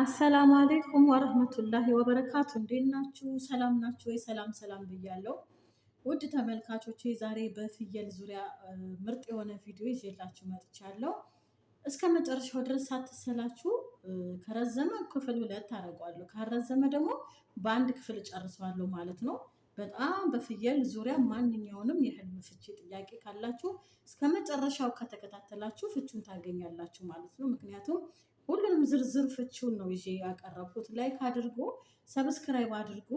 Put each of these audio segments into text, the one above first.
አሰላሙ አሌይኩም ወረህመቱላሂ ወበረካቱ። እንዴት ናችሁ? ሰላም ናችሁ ወይ? ሰላም ሰላም ብያለሁ ውድ ተመልካቾቼ። ዛሬ በፍየል ዙሪያ ምርጥ የሆነ ቪዲዮ ይዤላችሁ መጥቻለሁ። እስከ መጨረሻው ድረስ ሳትሰላችሁ፣ ከረዘመ ክፍል ሁለት አደርገዋለሁ፣ ካረዘመ ደግሞ በአንድ ክፍል ጨርሰዋለሁ ማለት ነው። በጣም በፍየል ዙሪያ ማንኛውንም የህልም ፍቺ ጥያቄ ካላችሁ እስከ መጨረሻው ከተከታተላችሁ ፍቹን ታገኛላችሁ ማለት ነው። ምክንያቱም ሁሉንም ዝርዝር ፍቺውን ነው ይዤ ያቀረብኩት። ላይክ አድርጎ ሰብስክራይብ አድርጎ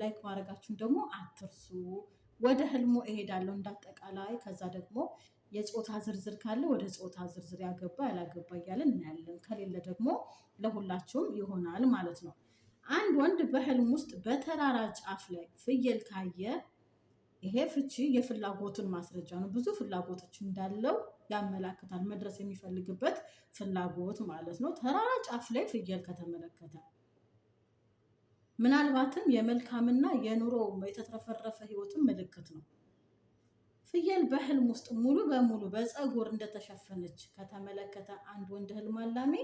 ላይክ ማድረጋችሁን ደግሞ አትርሱ። ወደ ህልሞ እሄዳለሁ እንዳጠቃላይ። ከዛ ደግሞ የጾታ ዝርዝር ካለ ወደ ጾታ ዝርዝር ያገባ ያላገባ እያለን እናያለን። ከሌለ ደግሞ ለሁላችሁም ይሆናል ማለት ነው። አንድ ወንድ በህልም ውስጥ በተራራ ጫፍ ላይ ፍየል ካየ ይሄ ፍቺ የፍላጎቱን ማስረጃ ነው። ብዙ ፍላጎቶች እንዳለው ያመላክታል። መድረስ የሚፈልግበት ፍላጎት ማለት ነው። ተራራ ጫፍ ላይ ፍየል ከተመለከተ ምናልባትም የመልካምና የኑሮ የተትረፈረፈ ህይወትን ምልክት ነው። ፍየል በህልም ውስጥ ሙሉ በሙሉ በፀጉር እንደተሸፈነች ከተመለከተ አንድ ወንድ ህልም አላሚ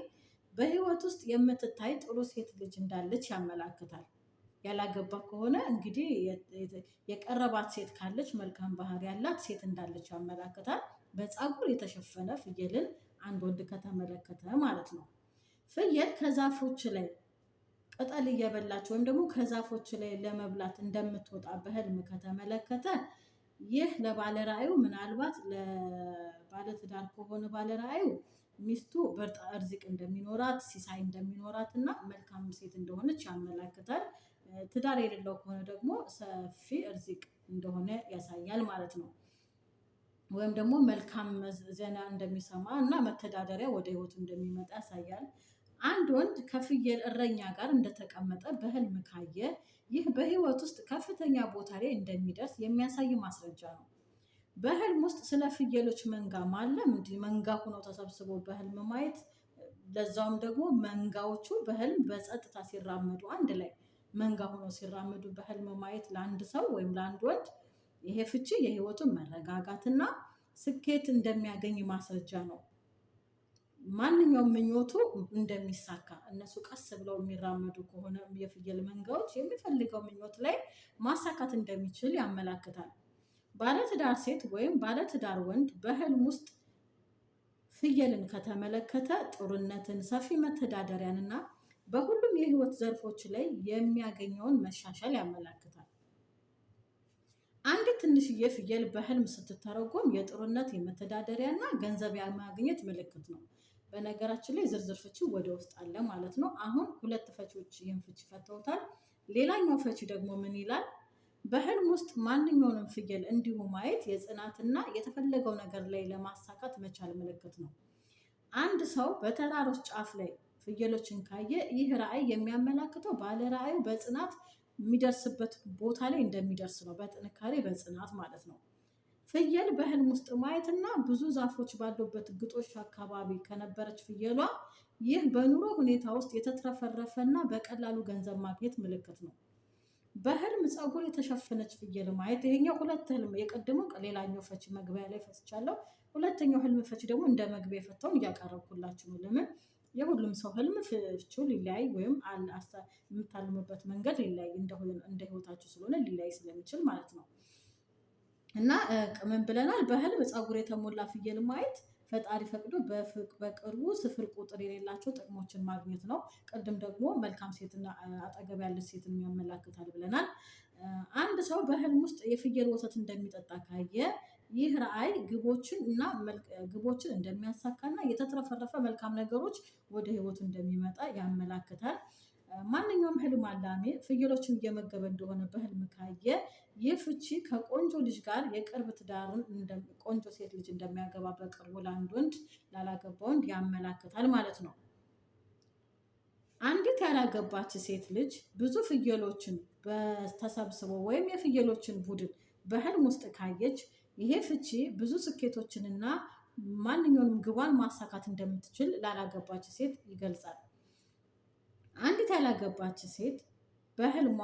በህይወት ውስጥ የምትታይ ጥሩ ሴት ልጅ እንዳለች ያመላክታል። ያላገባ ከሆነ እንግዲህ የቀረባት ሴት ካለች መልካም ባህሪ ያላት ሴት እንዳለች ያመላክታል። በፀጉር የተሸፈነ ፍየልን አንድ ወንድ ከተመለከተ ማለት ነው። ፍየል ከዛፎች ላይ ቅጠል እየበላች ወይም ደግሞ ከዛፎች ላይ ለመብላት እንደምትወጣ በህልም ከተመለከተ ይህ ለባለራእዩ ምናልባት ለባለትዳር ከሆነ ባለራእዩ ሚስቱ በርጣ እርዚቅ እንደሚኖራት ሲሳይ እንደሚኖራት እና መልካም ሴት እንደሆነች ያመላክታል። ትዳር የሌለው ከሆነ ደግሞ ሰፊ እርዚቅ እንደሆነ ያሳያል ማለት ነው። ወይም ደግሞ መልካም ዜና እንደሚሰማ እና መተዳደሪያ ወደ ህይወቱ እንደሚመጣ ያሳያል። አንድ ወንድ ከፍየል እረኛ ጋር እንደተቀመጠ በህልም ካየ ይህ በህይወት ውስጥ ከፍተኛ ቦታ ላይ እንደሚደርስ የሚያሳይ ማስረጃ ነው። በህልም ውስጥ ስለ ፍየሎች መንጋ ማለም እንዲህ መንጋ ሆኖ ተሰብስቦ በህልም ማየት ለዛውም ደግሞ መንጋዎቹ በህልም በጸጥታ ሲራመዱ አንድ ላይ መንጋ ሆኖ ሲራመዱ በህልም ማየት ለአንድ ሰው ወይም ለአንድ ወንድ ይሄ ፍቺ የህይወቱን መረጋጋትና ስኬት እንደሚያገኝ ማስረጃ ነው። ማንኛውም ምኞቱ እንደሚሳካ እነሱ ቀስ ብለው የሚራመዱ ከሆነ የፍየል መንጋዎች የሚፈልገው ምኞት ላይ ማሳካት እንደሚችል ያመላክታል። ባለትዳር ሴት ወይም ባለትዳር ወንድ በህልም ውስጥ ፍየልን ከተመለከተ ጥሩነትን፣ ሰፊ መተዳደሪያን እና በሁሉም የህይወት ዘርፎች ላይ የሚያገኘውን መሻሻል ያመላክታል። ትንሽዬ ፍየል በህልም ስትተረጎም የጥሩነት የመተዳደሪያ ገንዘብ የማግኘት ምልክት ነው። በነገራችን ላይ ዝርዝር ፍቺው ወደ ውስጥ አለ ማለት ነው። አሁን ሁለት ፈቺዎች ይህን ፍቺ ፈተውታል። ሌላኛው ፈቺ ደግሞ ምን ይላል? በህልም ውስጥ ማንኛውንም ፍየል እንዲሁ ማየት የጽናትና የተፈለገው ነገር ላይ ለማሳካት መቻል ምልክት ነው። አንድ ሰው በተራሮች ጫፍ ላይ ፍየሎችን ካየ ይህ ራዕይ የሚያመላክተው ባለ ራዕዩ በጽናት የሚደርስበት ቦታ ላይ እንደሚደርስ ነው። በጥንካሬ በጽናት ማለት ነው። ፍየል በህልም ውስጥ ማየትና ብዙ ዛፎች ባሉበት ግጦሽ አካባቢ ከነበረች ፍየሏ ይህ በኑሮ ሁኔታ ውስጥ የተትረፈረፈና በቀላሉ ገንዘብ ማግኘት ምልክት ነው። በህልም ፀጉር የተሸፈነች ፍየል ማየት ይሄኛው ሁለት ህልም የቀድሞ ሌላኛው ፈች መግቢያ ላይ ፈትቻለሁ። ሁለተኛው ህልም ፈች ደግሞ እንደ መግቢያ የፈታውን እያቀረብኩላችሁ ነው። ለምን የሁሉም ሰው ህልም ፍቹ ሊለያይ ወይም የምታልሙበት መንገድ ሊለያይ እንደ ህይወታችሁ ስለሆነ ሊለያይ ስለሚችል ማለት ነው። እና ቅምን ብለናል? በህልም ፀጉር የተሞላ ፍየል ማየት ፈጣሪ ፈቅዶ በቅርቡ ስፍር ቁጥር የሌላቸው ጥቅሞችን ማግኘት ነው። ቅድም ደግሞ መልካም ሴትና አጠገብ ያለች ሴትን ያመላክታል ብለናል። አንድ ሰው በህልም ውስጥ የፍየል ወተት እንደሚጠጣ ካየ ይህ ራዕይ ግቦችን እና ግቦችን እንደሚያሳካና የተትረፈረፈ መልካም ነገሮች ወደ ህይወቱ እንደሚመጣ ያመላክታል። ማንኛውም ህልም አላሚ ፍየሎችን እየመገበ እንደሆነ በህልም ካየ ይህ ፍቺ ከቆንጆ ልጅ ጋር የቅርብ ትዳርን ቆንጆ ሴት ልጅ እንደሚያገባ በቅርቡ ለአንድ ወንድ ላላገባ ወንድ ያመላክታል ማለት ነው። አንዲት ያላገባች ሴት ልጅ ብዙ ፍየሎችን ተሰብስበው ወይም የፍየሎችን ቡድን በህልም ውስጥ ካየች ይሄ ፍቺ ብዙ ስኬቶችንና ማንኛውንም ግቧን ማሳካት እንደምትችል ላላገባች ሴት ይገልጻል። አንዲት ያላገባች ሴት በህልሟ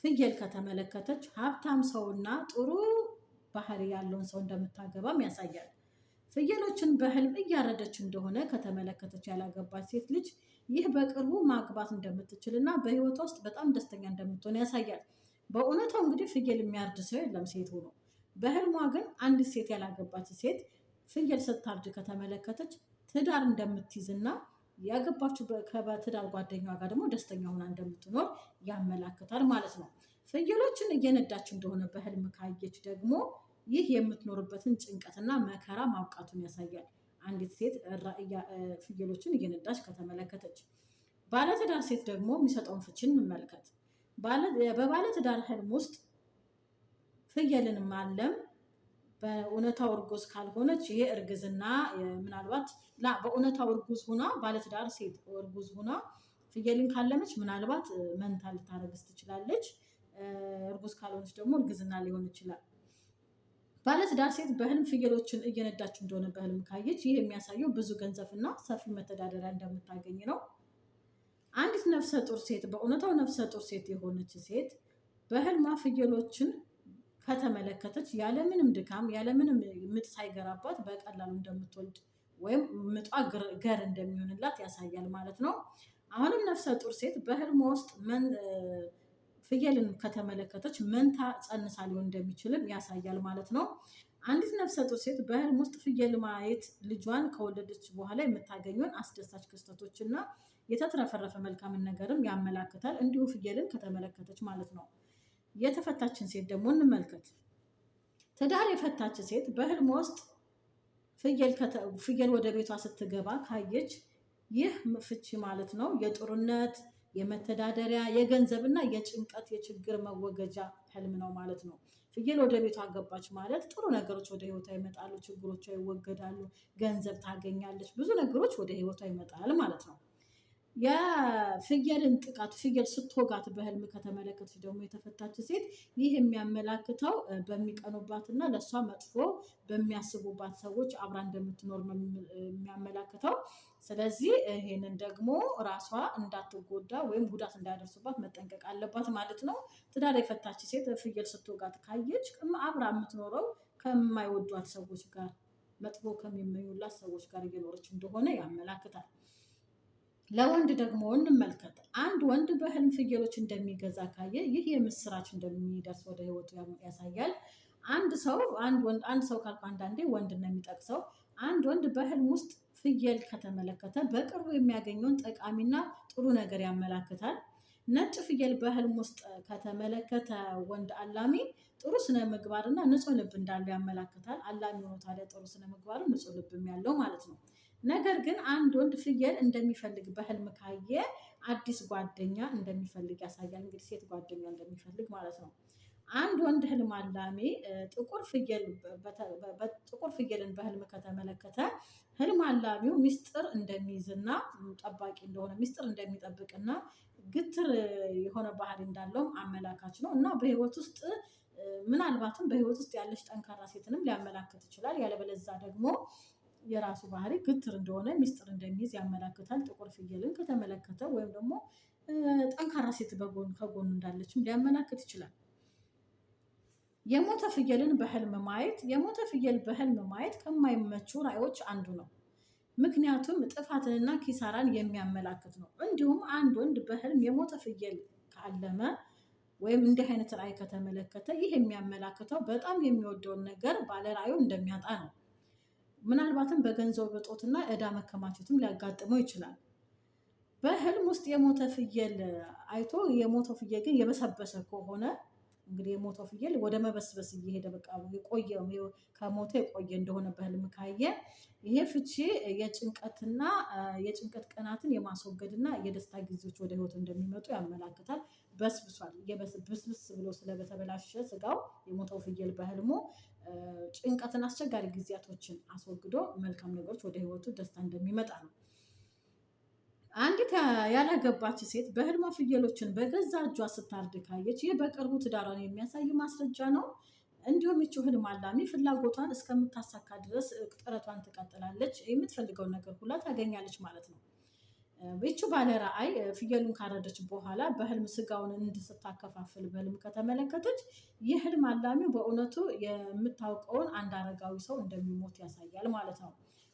ፍየል ከተመለከተች ሀብታም ሰውና ጥሩ ባህሪ ያለውን ሰው እንደምታገባም ያሳያል። ፍየሎችን በህልም እያረደች እንደሆነ ከተመለከተች ያላገባች ሴት ልጅ ይህ በቅርቡ ማግባት እንደምትችል እና በህይወቷ ውስጥ በጣም ደስተኛ እንደምትሆን ያሳያል። በእውነቷ እንግዲህ ፍየል የሚያርድ ሰው የለም ሴት ሆኖ በህልሟ ግን አንዲት ሴት ያላገባች ሴት ፍየል ስታርድ ከተመለከተች ትዳር እንደምትይዝና ያገባችው ከትዳር ጓደኛዋ ጋር ደግሞ ደስተኛ ሆና እንደምትኖር ያመላክታል ማለት ነው። ፍየሎችን እየነዳች እንደሆነ በህልም ካየች ደግሞ ይህ የምትኖርበትን ጭንቀትና መከራ ማብቃቱን ያሳያል። አንዲት ሴት ፍየሎችን እየነዳች ከተመለከተች። ባለትዳር ሴት ደግሞ የሚሰጠውን ፍቺ እንመልከት። በባለትዳር ህልም ውስጥ ፍየልን ማለም በእውነታው እርጉዝ ካልሆነች ይሄ እርግዝና ምናልባት በእውነታው እርጉዝ ሁና ባለትዳር ሴት እርጉዝ ሁና ፍየልን ካለመች ምናልባት መንታ ልታረግዝ ትችላለች። እርጉዝ ካልሆነች ደግሞ እርግዝና ሊሆን ይችላል። ባለትዳር ሴት በህልም ፍየሎችን እየነዳች እንደሆነ በህልም ካየች ይህ የሚያሳየው ብዙ ገንዘብና ሰፊ መተዳደሪያ እንደምታገኝ ነው። አንዲት ነፍሰ ጡር ሴት በእውነታው ነፍሰ ጡር ሴት የሆነች ሴት በህልማ ፍየሎችን ከተመለከተች ያለምንም ድካም ያለምንም ምጥ ሳይገራባት በቀላሉ እንደምትወልድ ወይም ምጧ ገር እንደሚሆንላት ያሳያል ማለት ነው። አሁንም ነፍሰ ጡር ሴት በህልሟ ውስጥ ፍየልን ከተመለከተች መንታ ጸንሳ ሊሆን እንደሚችልም ያሳያል ማለት ነው። አንዲት ነፍሰ ጡር ሴት በህልም ውስጥ ፍየል ማየት ልጇን ከወለደች በኋላ የምታገኘውን አስደሳች ክስተቶች እና የተትረፈረፈ መልካምን ነገርም ያመላክታል። እንዲሁ ፍየልን ከተመለከተች ማለት ነው። የተፈታችን ሴት ደግሞ እንመልከት። ትዳር የፈታች ሴት በህልም ውስጥ ፍየል ወደ ቤቷ ስትገባ ካየች ይህ ፍቺ ማለት ነው የጦርነት የመተዳደሪያ የገንዘብና የጭንቀት የችግር መወገጃ ህልም ነው ማለት ነው። ፍየል ወደ ቤቷ ገባች ማለት ጥሩ ነገሮች ወደ ህይወቷ ይመጣሉ፣ ችግሮቿ ይወገዳሉ፣ ገንዘብ ታገኛለች፣ ብዙ ነገሮች ወደ ህይወቷ ይመጣል ማለት ነው። የፍየልን ጥቃት ፍየል ስትወጋት በህልም ከተመለከተች ደግሞ የተፈታች ሴት ይህ የሚያመላክተው በሚቀኑባት እና ለእሷ መጥፎ በሚያስቡባት ሰዎች አብራ እንደምትኖር ነው የሚያመላክተው። ስለዚህ ይህንን ደግሞ ራሷ እንዳትጎዳ ወይም ጉዳት እንዳያደርሱባት መጠንቀቅ አለባት ማለት ነው። ትዳር የፈታች ሴት ፍየል ስትወጋት ካየች አብራ የምትኖረው ከማይወዷት ሰዎች ጋር፣ መጥፎ ከሚመኙላት ሰዎች ጋር እየኖረች እንደሆነ ያመላክታል። ለወንድ ደግሞ እንመልከት። አንድ ወንድ በህልም ፍየሎች እንደሚገዛ ካየ ይህ የምስራች እንደሚደርስ ወደ ህይወቱ ያሳያል። አንድ ሰው አንድ ሰው ካልኩ አንዳንዴ ወንድ ነው የሚጠቅሰው። አንድ ወንድ በህልም ውስጥ ፍየል ከተመለከተ በቅርቡ የሚያገኘውን ጠቃሚና ጥሩ ነገር ያመላክታል። ነጭ ፍየል በህልም ውስጥ ከተመለከተ ወንድ አላሚ ጥሩ ስነ ምግባርና ንጹህ ልብ እንዳለው ያመላክታል። አላሚ ሆኖ ታዲያ ጥሩ ስነ ምግባርም ንጹህ ልብም ያለው ማለት ነው። ነገር ግን አንድ ወንድ ፍየል እንደሚፈልግ በህልም ካየ አዲስ ጓደኛ እንደሚፈልግ ያሳያል። እንግዲህ ሴት ጓደኛ እንደሚፈልግ ማለት ነው። አንድ ወንድ ህልም አላሚ ጥቁር ፍየልን በህልም ከተመለከተ ህልም አላሚው ሚስጥር እንደሚይዝና ጠባቂ እንደሆነ ሚስጥር እንደሚጠብቅና ግትር የሆነ ባህሪ እንዳለውም አመላካች ነው እና በህይወት ውስጥ ምናልባትም በህይወት ውስጥ ያለች ጠንካራ ሴትንም ሊያመላክት ይችላል። ያለበለዛ ደግሞ የራሱ ባህሪ ግትር እንደሆነ ሚስጥር እንደሚይዝ ያመላክታል። ጥቁር ፍየልን ከተመለከተ ወይም ደግሞ ጠንካራ ሴት በጎን ከጎኑ እንዳለችም ሊያመላክት ይችላል። የሞተ ፍየልን በህልም ማየት የሞተ ፍየል በህልም ማየት ከማይመቹ ራእዮች አንዱ ነው። ምክንያቱም ጥፋትንና ኪሳራን የሚያመላክት ነው። እንዲሁም አንድ ወንድ በህልም የሞተ ፍየል ካለመ ወይም እንዲህ አይነት ራይ ከተመለከተ ይህ የሚያመላክተው በጣም የሚወደውን ነገር ባለራእዩ እንደሚያጣ ነው። ምናልባትም በገንዘብ እጦትና እዳ መከማቸትም ሊያጋጥመው ይችላል። በህልም ውስጥ የሞተ ፍየል አይቶ የሞተው ፍየል ግን የበሰበሰ ከሆነ እንግዲህ የሞተው ፍየል ወደ መበስበስ እየሄደ በቃ የቆየ ከሞተ የቆየ እንደሆነ በህልም ካየ ይሄ ፍቺ የጭንቀትና የጭንቀት ቀናትን የማስወገድና የደስታ ጊዜዎች ወደ ህይወት እንደሚመጡ ያመላክታል። በስብሷል። ብስብስ ብሎ ስለበተበላሸ ስጋው የሞተው ፍየል በህልሙ ጭንቀትን፣ አስቸጋሪ ጊዜያቶችን አስወግዶ መልካም ነገሮች ወደ ህይወቱ ደስታ እንደሚመጣ ነው። አንዲት ያላገባች ሴት በህልሟ ፍየሎችን በገዛ እጇ ስታርድ ካየች ይህ በቅርቡ ትዳሯን የሚያሳይ ማስረጃ ነው። እንዲሁም ይቺው ህልም አላሚ ፍላጎቷን እስከምታሳካ ድረስ ጥረቷን ትቀጥላለች። የምትፈልገውን ነገር ሁላ ታገኛለች ማለት ነው። ቤቹ ባለ ረአይ ፍየሉን ካረደች በኋላ በህልም ስጋውን እንድስታከፋፍል በህልም ከተመለከተች ይህ ህልም አላሚ በእውነቱ የምታውቀውን አንድ አረጋዊ ሰው እንደሚሞት ያሳያል ማለት ነው።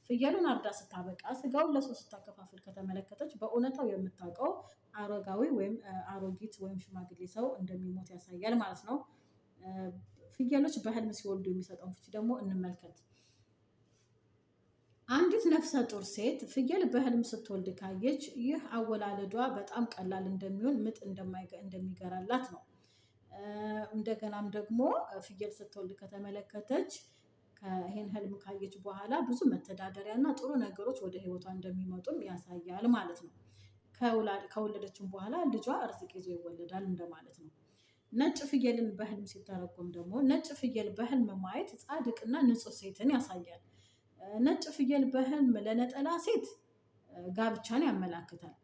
ፍየሉን አርዳ ስታበቃ ስጋውን ለሰው ስታከፋፍል ከተመለከተች በእውነታው የምታውቀው አረጋዊ ወይም አሮጊት ወይም ሽማግሌ ሰው እንደሚሞት ያሳያል ማለት ነው። ፍየሎች በህልም ሲወልዱ የሚሰጠውን ፍቺ ደግሞ እንመልከት። አንዲት ነፍሰ ጡር ሴት ፍየል በህልም ስትወልድ ካየች ይህ አወላለዷ በጣም ቀላል እንደሚሆን ምጥ እንደሚገራላት ነው። እንደገናም ደግሞ ፍየል ስትወልድ ከተመለከተች ይህን ህልም ካየች በኋላ ብዙ መተዳደሪያ እና ጥሩ ነገሮች ወደ ህይወቷ እንደሚመጡም ያሳያል ማለት ነው። ከወለደችም በኋላ ልጇ እርዝቅ ይዞ ይወለዳል እንደማለት ነው። ነጭ ፍየልን በህልም ሲተረጎም ደግሞ ነጭ ፍየል በህልም ማየት ጻድቅና ንጹህ ሴትን ያሳያል። ነጭ ፍየል በህልም ለነጠላ ሴት ጋብቻን ያመላክታል።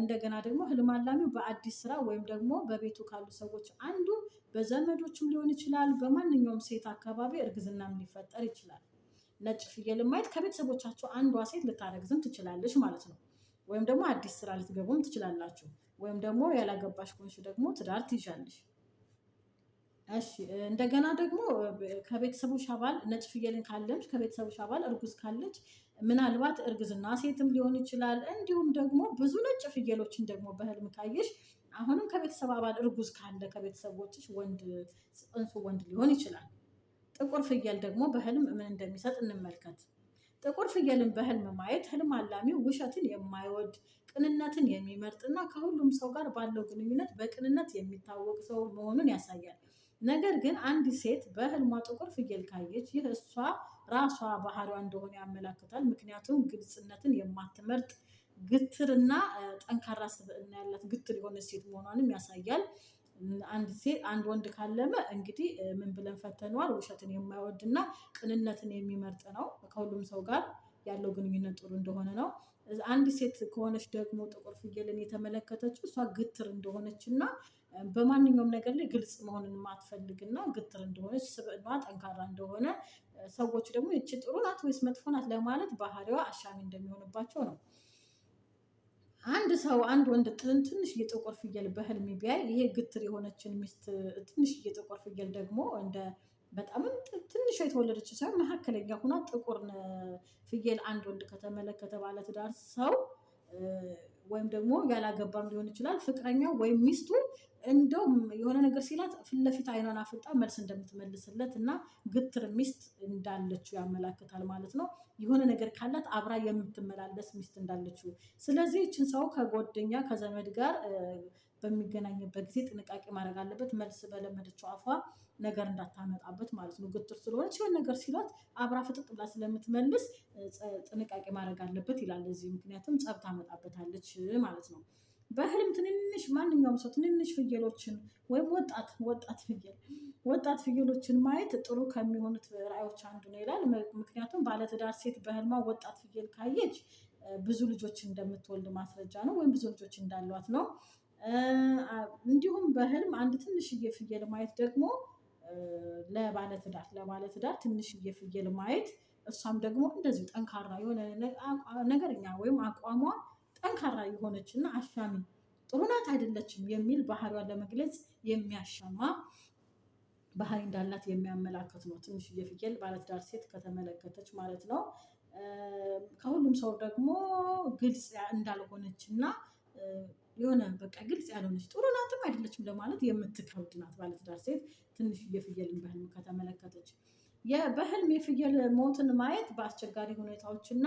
እንደገና ደግሞ ህልም አላሚው በአዲስ ስራ ወይም ደግሞ በቤቱ ካሉ ሰዎች አንዱ በዘመዶችም ሊሆን ይችላል። በማንኛውም ሴት አካባቢ እርግዝናም ሊፈጠር ይችላል። ነጭ ፍየል ማየት ከቤተሰቦቻቸው አንዷ ሴት ልታረግዝም ትችላለች ማለት ነው። ወይም ደግሞ አዲስ ስራ ልትገቡም ትችላላችሁ። ወይም ደግሞ ያላገባሽ ከሆንሽ ደግሞ ትዳር ትይዣለሽ። እሺ እንደገና ደግሞ ከቤተሰቦች አባል ነጭ ፍየልን ካለች ከቤተሰቦች አባል እርጉዝ ካለች ምናልባት እርግዝና ሴትም ሊሆን ይችላል። እንዲሁም ደግሞ ብዙ ነጭ ፍየሎችን ደግሞ በህልም ካየሽ አሁንም ከቤተሰብ አባል እርጉዝ ካለ ከቤተሰቦችሽ ወንድ ጽንሱ ወንድ ሊሆን ይችላል። ጥቁር ፍየል ደግሞ በህልም ምን እንደሚሰጥ እንመልከት። ጥቁር ፍየልን በህልም ማየት ህልም አላሚው ውሸትን የማይወድ ቅንነትን የሚመርጥና ከሁሉም ሰው ጋር ባለው ግንኙነት በቅንነት የሚታወቅ ሰው መሆኑን ያሳያል። ነገር ግን አንዲት ሴት በህልሟ ጥቁር ፍየል ካየች ይህ እሷ ራሷ ባህሪዋ እንደሆነ ያመላክታል። ምክንያቱም ግልጽነትን የማትመርጥ ግትርና ጠንካራ ስብዕና ያላት ግትር የሆነች ሴት መሆኗንም ያሳያል። አንድ ሴት አንድ ወንድ ካለመ እንግዲህ ምን ብለን ፈተነዋል? ውሸትን የማይወድና ቅንነትን የሚመርጥ ነው። ከሁሉም ሰው ጋር ያለው ግንኙነት ጥሩ እንደሆነ ነው። አንድ ሴት ከሆነች ደግሞ ጥቁር ፍየልን የተመለከተችው እሷ ግትር እንደሆነች እና በማንኛውም ነገር ላይ ግልጽ መሆንን የማትፈልግና ግትር እንደሆነች ስብዕናዋ ጠንካራ እንደሆነ ሰዎች ደግሞ ይቺ ጥሩ ናት ወይስ መጥፎ ናት ለማለት ባህሪዋ አሻሚ እንደሚሆንባቸው ነው። አንድ ሰው አንድ ወንድ ትንሽዬ ጥቁር ፍየል በህልም ቢያይ ይሄ ግትር የሆነችን ሚስት ትንሽዬ ጥቁር ፍየል ደግሞ እንደ በጣምም ትንሽ የተወለደች ሳይሆን መካከለኛ ሁና ጥቁር ፍየል አንድ ወንድ ከተመለከተ ባለትዳር ሰው ወይም ደግሞ ያላገባም ሊሆን ይችላል ፍቅረኛው ወይም ሚስቱ እንደውም የሆነ ነገር ሲላት ፊት ለፊት አይኗን አፍጣ መልስ እንደምትመልስለት እና ግትር ሚስት እንዳለችው ያመላክታል ማለት ነው። የሆነ ነገር ካላት አብራ የምትመላለስ ሚስት እንዳለችው። ስለዚህ ይችን ሰው ከጓደኛ ከዘመድ ጋር በሚገናኝበት ጊዜ ጥንቃቄ ማድረግ አለበት። መልስ በለመደችው አፏ ነገር እንዳታመጣበት ማለት ነው። ግትር ስለሆነች የሆነ ነገር ሲሏት አብራ ፍጥጥ ብላ ስለምትመልስ ጥንቃቄ ማድረግ አለበት ይላል። እዚህ ምክንያቱም ጸብ ታመጣበታለች ማለት ነው። በህልም ትንንሽ ማንኛውም ሰው ትንንሽ ፍየሎችን ወይም ወጣት ወጣት ፍየል ወጣት ፍየሎችን ማየት ጥሩ ከሚሆኑት ራዮች አንዱ ነው ይላል። ምክንያቱም ባለትዳር ሴት በህልማ ወጣት ፍየል ካየች ብዙ ልጆች እንደምትወልድ ማስረጃ ነው፣ ወይም ብዙ ልጆች እንዳሏት ነው። እንዲሁም በህልም አንድ ትንሽዬ ፍየል ማየት ደግሞ ለባለትዳር ለባለትዳር ትንሽዬ ፍየል ማየት እሷም ደግሞ እንደዚሁ ጠንካራ የሆነ ነገርኛ ወይም አቋሟ ጠንካራ የሆነች እና አሻሚ ጥሩ ናት አይደለችም የሚል ባህሪዋን ለመግለጽ የሚያሻማ ባህሪ እንዳላት የሚያመላክት ነው። ትንሽዬ ፍየል ባለትዳር ሴት ከተመለከተች ማለት ነው። ከሁሉም ሰው ደግሞ ግልጽ እንዳልሆነች እና የሆነ በቃ ግልጽ ያልሆነች ጥሩ ናትም አይደለችም ለማለት የምትከብድ ናት ባለትዳር ሴት ትንሽ የፍየልን በህልም ከተመለከተች። በህልም የፍየል ሞትን ማየት በአስቸጋሪ ሁኔታዎችና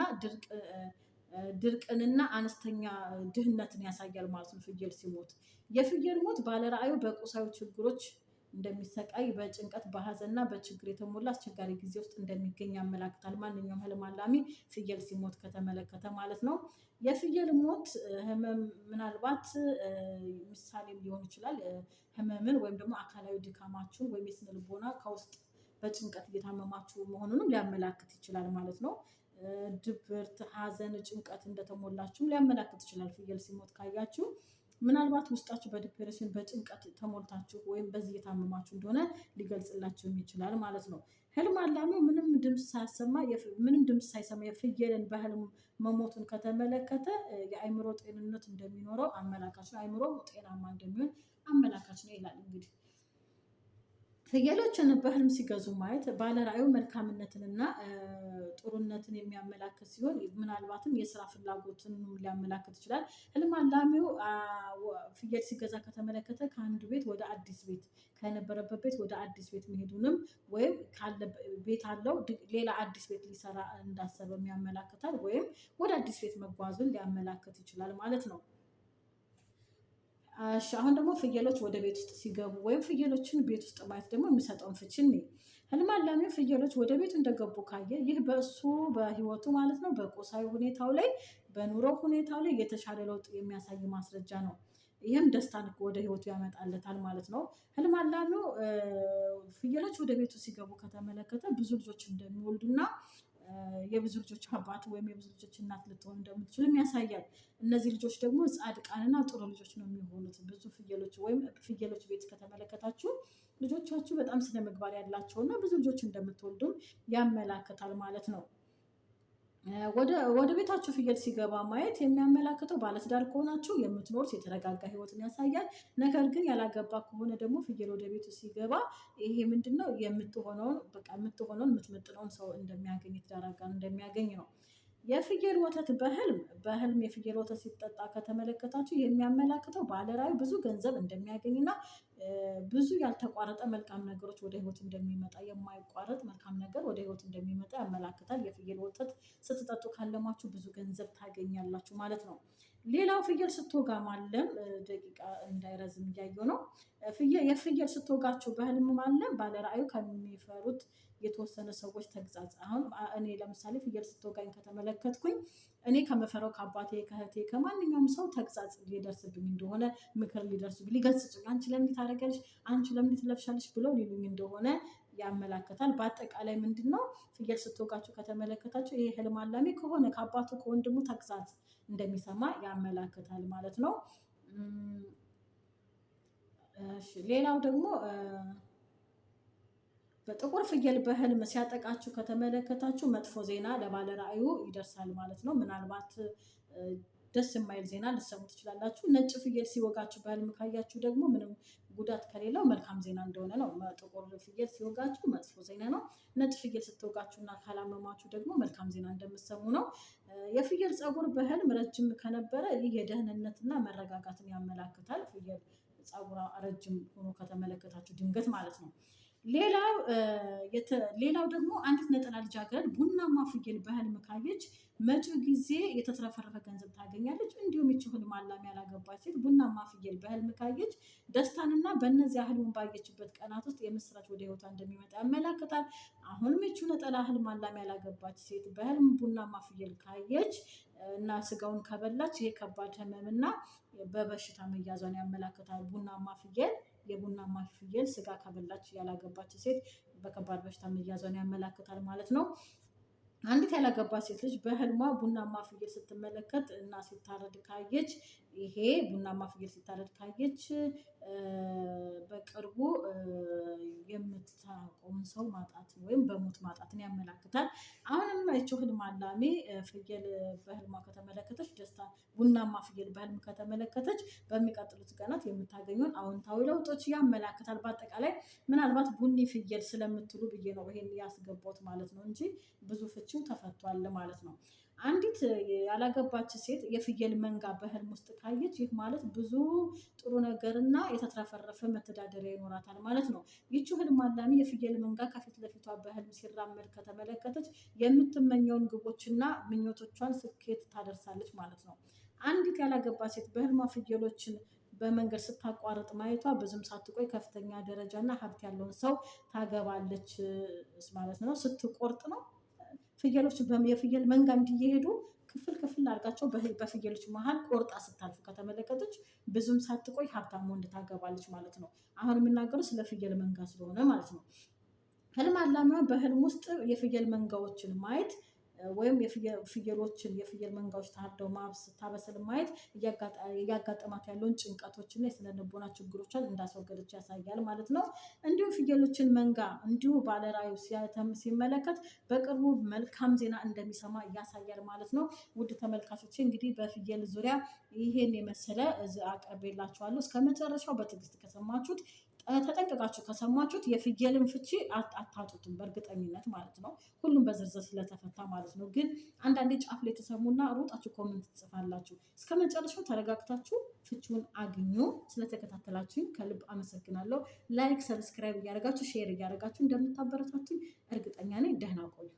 ድርቅንና አነስተኛ ድህነትን ያሳያል ማለት ነው። ፍየል ሲሞት የፍየል ሞት ባለራዕዩ በቁሳዊ ችግሮች እንደሚሰቃይ በጭንቀት በሀዘንና በችግር የተሞላ አስቸጋሪ ጊዜ ውስጥ እንደሚገኝ ያመላክታል። ማንኛውም ህልም አላሚ ፍየል ሲሞት ከተመለከተ ማለት ነው። የፍየል ሞት ህመም ምናልባት ምሳሌም ሊሆን ይችላል። ህመምን ወይም ደግሞ አካላዊ ድካማችሁን ወይም የስነ ልቦና ከውስጥ በጭንቀት እየታመማችሁ መሆኑንም ሊያመላክት ይችላል ማለት ነው። ድብርት፣ ሀዘን፣ ጭንቀት እንደተሞላችሁም ሊያመላክት ይችላል። ፍየል ሲሞት ካያችሁ ምናልባት ውስጣችሁ በዲፕሬሽን በጭንቀት ተሞልታችሁ ወይም በዚህ የታመማችሁ እንደሆነ ሊገልጽላችሁም ይችላል ማለት ነው። ህልም አላሚው ምንም ድምፅ ሳያሰማ ምንም ድምፅ ሳይሰማ የፍየልን በህልም መሞቱን ከተመለከተ የአይምሮ ጤንነት እንደሚኖረው አመላካች ነው። አእምሮ ጤናማ እንደሚሆን አመላካች ነው ይላል እንግዲህ ፍየሎችን በህልም ሲገዙ ማየት ባለራዩ መልካምነትንና ጥሩነትን የሚያመላክት ሲሆን ምናልባትም የስራ ፍላጎትን ሊያመላክት ይችላል። ህልም አላሚው ፍየል ሲገዛ ከተመለከተ ከአንድ ቤት ወደ አዲስ ቤት ከነበረበት ቤት ወደ አዲስ ቤት መሄዱንም ወይም ቤት አለው ሌላ አዲስ ቤት ሊሰራ እንዳሰበ ያመላክታል። ወይም ወደ አዲስ ቤት መጓዙን ሊያመላክት ይችላል ማለት ነው። አሁን ደግሞ ፍየሎች ወደ ቤት ውስጥ ሲገቡ ወይም ፍየሎችን ቤት ውስጥ ማየት ደግሞ የሚሰጠውን ፍችን ነው። ህልም አላሚው ፍየሎች ወደ ቤቱ እንደገቡ ካየ ይህ በእሱ በህይወቱ ማለት ነው በቁሳዊ ሁኔታው ላይ በኑሮ ሁኔታው ላይ የተሻለ ለውጥ የሚያሳይ ማስረጃ ነው። ይህም ደስታን ወደ ህይወቱ ያመጣለታል ማለት ነው። ህልም አላሚው ፍየሎች ወደ ቤቱ ሲገቡ ከተመለከተ ብዙ ልጆች እንደሚወልዱና የብዙ ልጆች አባት ወይም የብዙ ልጆች እናት ልትሆን እንደምትችልም ያሳያል። እነዚህ ልጆች ደግሞ ጻድቃንና ጥሩ ልጆች ነው የሚሆኑት። ብዙ ፍየሎች ወይም ፍየሎች ቤት ከተመለከታችሁ ልጆቻችሁ በጣም ስነ ምግባር ያላቸውና ብዙ ልጆች እንደምትወልዱም ያመላክታል ማለት ነው። ወደ ቤታችሁ ፍየል ሲገባ ማየት የሚያመላክተው ባለትዳር ከሆናችሁ የምትኖሩት የተረጋጋ ህይወትን ያሳያል። ነገር ግን ያላገባ ከሆነ ደግሞ ፍየል ወደ ቤቱ ሲገባ ይሄ ምንድን ነው የምትሆነውን በቃ የምትሆነውን የምትመጥነውን ሰው እንደሚያገኝ የትዳር አጋር እንደሚያገኝ ነው። የፍየል ወተት በህልም በህልም የፍየል ወተት ሲጠጣ ከተመለከታችሁ የሚያመላክተው ባለራዩ ብዙ ገንዘብ እንደሚያገኝና ብዙ ያልተቋረጠ መልካም ነገሮች ወደ ህይወት እንደሚመጣ የማይቋረጥ መልካም ነገር ወደ ህይወት እንደሚመጣ ያመላክታል። የፍየል ወተት ስትጠጡ ካለማችሁ ብዙ ገንዘብ ታገኛላችሁ ማለት ነው ሌላው ፍየል ስትወጋ ማለም ደቂቃ እንዳይረዝም እያየው ነው። የፍየል ስትወጋቸው በህልም ማለም ባለራእዩ ከሚፈሩት የተወሰነ ሰዎች ተግጻጽ። አሁን እኔ ለምሳሌ ፍየል ስትወጋኝ ከተመለከትኩኝ እኔ ከመፈራው ከአባቴ ከእህቴ ከማንኛውም ሰው ተግጻጽ ሊደርስብኝ እንደሆነ ምክር ሊደርስብኝ ሊገስጹኝ፣ አንቺ ለምን ታደርጊያለሽ፣ አንቺ ለምን ትለብሻለሽ ብለው ሊሉኝ እንደሆነ ያመላከታል። በአጠቃላይ ምንድን ነው ፍየል ስትወጋችሁ ከተመለከታችሁ ይህ ህልም አላሚ ከሆነ ከአባቱ ከወንድሙ ተግዛዝ እንደሚሰማ ያመላክታል ማለት ነው። ሌላው ደግሞ በጥቁር ፍየል በህልም ሲያጠቃችሁ ከተመለከታችሁ መጥፎ ዜና ለባለ ይደርሳል ማለት ነው። ምናልባት ደስ የማይል ዜና ልሰሙ ትችላላችሁ። ነጭ ፍየል ሲወጋችሁ በህልም ካያችሁ ደግሞ ምንም ጉዳት ከሌለው መልካም ዜና እንደሆነ ነው። ጥቁር ፍየል ሲወጋችሁ መጥፎ ዜና ነው። ነጭ ፍየል ስትወጋችሁ እና ካላመማችሁ ደግሞ መልካም ዜና እንደምትሰሙ ነው። የፍየል ፀጉር በህልም ረጅም ከነበረ ይህ የደህንነትና መረጋጋትን ያመላክታል። ፍየል ፀጉሯ ረጅም ሆኖ ከተመለከታችሁ ድንገት ማለት ነው። ሌላው ደግሞ አንዲት ነጠላ ልጃገረድ ቡናማ ፍየል በህልም ካየች መጪው ጊዜ የተትረፈረፈ ገንዘብ ታገኛለች። እንዲሁም ይች ማላሚ ያላገባች ሴት ቡናማ ፍየል በህልም ካየች ደስታንና በእነዚያ ህልሙን ባየችበት ቀናት ውስጥ የምስራች ወደ ህይወቷ እንደሚመጣ ያመላክታል። አሁንም ይች ነጠላ ህልም ማላሚ ያላገባች ሴት በህልም ቡናማ ፍየል ካየች እና ስጋውን ከበላች ይሄ ከባድ ህመምና በበሽታ መያዟን ያመላክታል። ቡናማ ፍየል የቡናማ ፍየል ስጋ ከበላች ያላገባች ሴት በከባድ በሽታ መያዟን ያመላክታል ማለት ነው። አንዲት ያላገባች ሴት ልጅ በህልሟ ቡናማ ፍየል ስትመለከት እና ሲታረድ ካየች ይሄ ቡናማ ፍየል ስታረድ ካየች በቅርቡ የምታቆም ሰው ማጣት ወይም በሞት ማጣትን ያመላክታል። አሁንም ይችው ህልም አላሜ ፍየል በህልማ ከተመለከተች ደስታ ቡናማ ፍየል በህልም ከተመለከተች በሚቀጥሉት ቀናት የምታገኘውን አዎንታዊ ለውጦች ያመላክታል። በአጠቃላይ ምናልባት ቡኒ ፍየል ስለምትሉ ብዬ ነው ይሄን ያስገባት ማለት ነው እንጂ ብዙ ፍቺው ተፈቷል ማለት ነው። አንዲት ያላገባች ሴት የፍየል መንጋ በህልም ውስጥ ካየች ይህ ማለት ብዙ ጥሩ ነገርና የተትረፈረፈ መተዳደሪያ ይኖራታል ማለት ነው። ይቺ ህልም አላሚ የፍየል መንጋ ከፊት ለፊቷ በህልም ሲራመድ ከተመለከተች የምትመኘውን ግቦችና ምኞቶቿን ስኬት ታደርሳለች ማለት ነው። አንዲት ያላገባች ሴት በህልሟ ፍየሎችን በመንገድ ስታቋርጥ ማየቷ ብዙም ሳትቆይ ከፍተኛ ደረጃና ሀብት ያለውን ሰው ታገባለች ማለት ነው። ስትቆርጥ ነው ፍየሎች የፍየል መንጋ እንዲሄዱ ክፍል ክፍል አድርጋቸው በፍየሎች መሀል ቆርጣ ስታልፍ ከተመለከተች ብዙም ሳትቆይ ሀብታም ወንድ ታገባለች ማለት ነው። አሁን የምናገሩ ስለ ፍየል መንጋ ስለሆነ ማለት ነው። ህልም አላሚዋ በህልም ውስጥ የፍየል መንጋዎችን ማየት ወይም ፍየሎችን የፍየል መንጋዎች ታርደው ማብስ ታበስል ማየት እያጋጠማት ያለውን ጭንቀቶችና የስነ ልቦና ችግሮቿን እንዳስወገደች ያሳያል ማለት ነው። እንዲሁም ፍየሎችን መንጋ እንዲሁ ባለራዩ ሲመለከት በቅርቡ መልካም ዜና እንደሚሰማ ያሳያል ማለት ነው። ውድ ተመልካቾች እንግዲህ በፍየል ዙሪያ ይሄን የመሰለ አቅርቤላችኋለሁ። እስከ መጨረሻው በትዕግስት ከሰማችሁት ተጠንቅቃችሁ ከሰማችሁት የፍየልን ፍቺ አታጡትም፣ በእርግጠኝነት ማለት ነው። ሁሉም በዝርዝር ስለተፈታ ማለት ነው። ግን አንዳንዴ ጫፍ ላይ የተሰሙና ሩጣችሁ ኮመንት ትጽፋላችሁ። እስከ መጨረሻው ተረጋግታችሁ ፍቺውን አግኙ። ስለተከታተላችሁኝ ከልብ አመሰግናለሁ። ላይክ፣ ሰብስክራይብ እያደረጋችሁ ሼር እያደረጋችሁ እንደምታበረታቱኝ እርግጠኛ ነኝ። ደህና ቆዩ።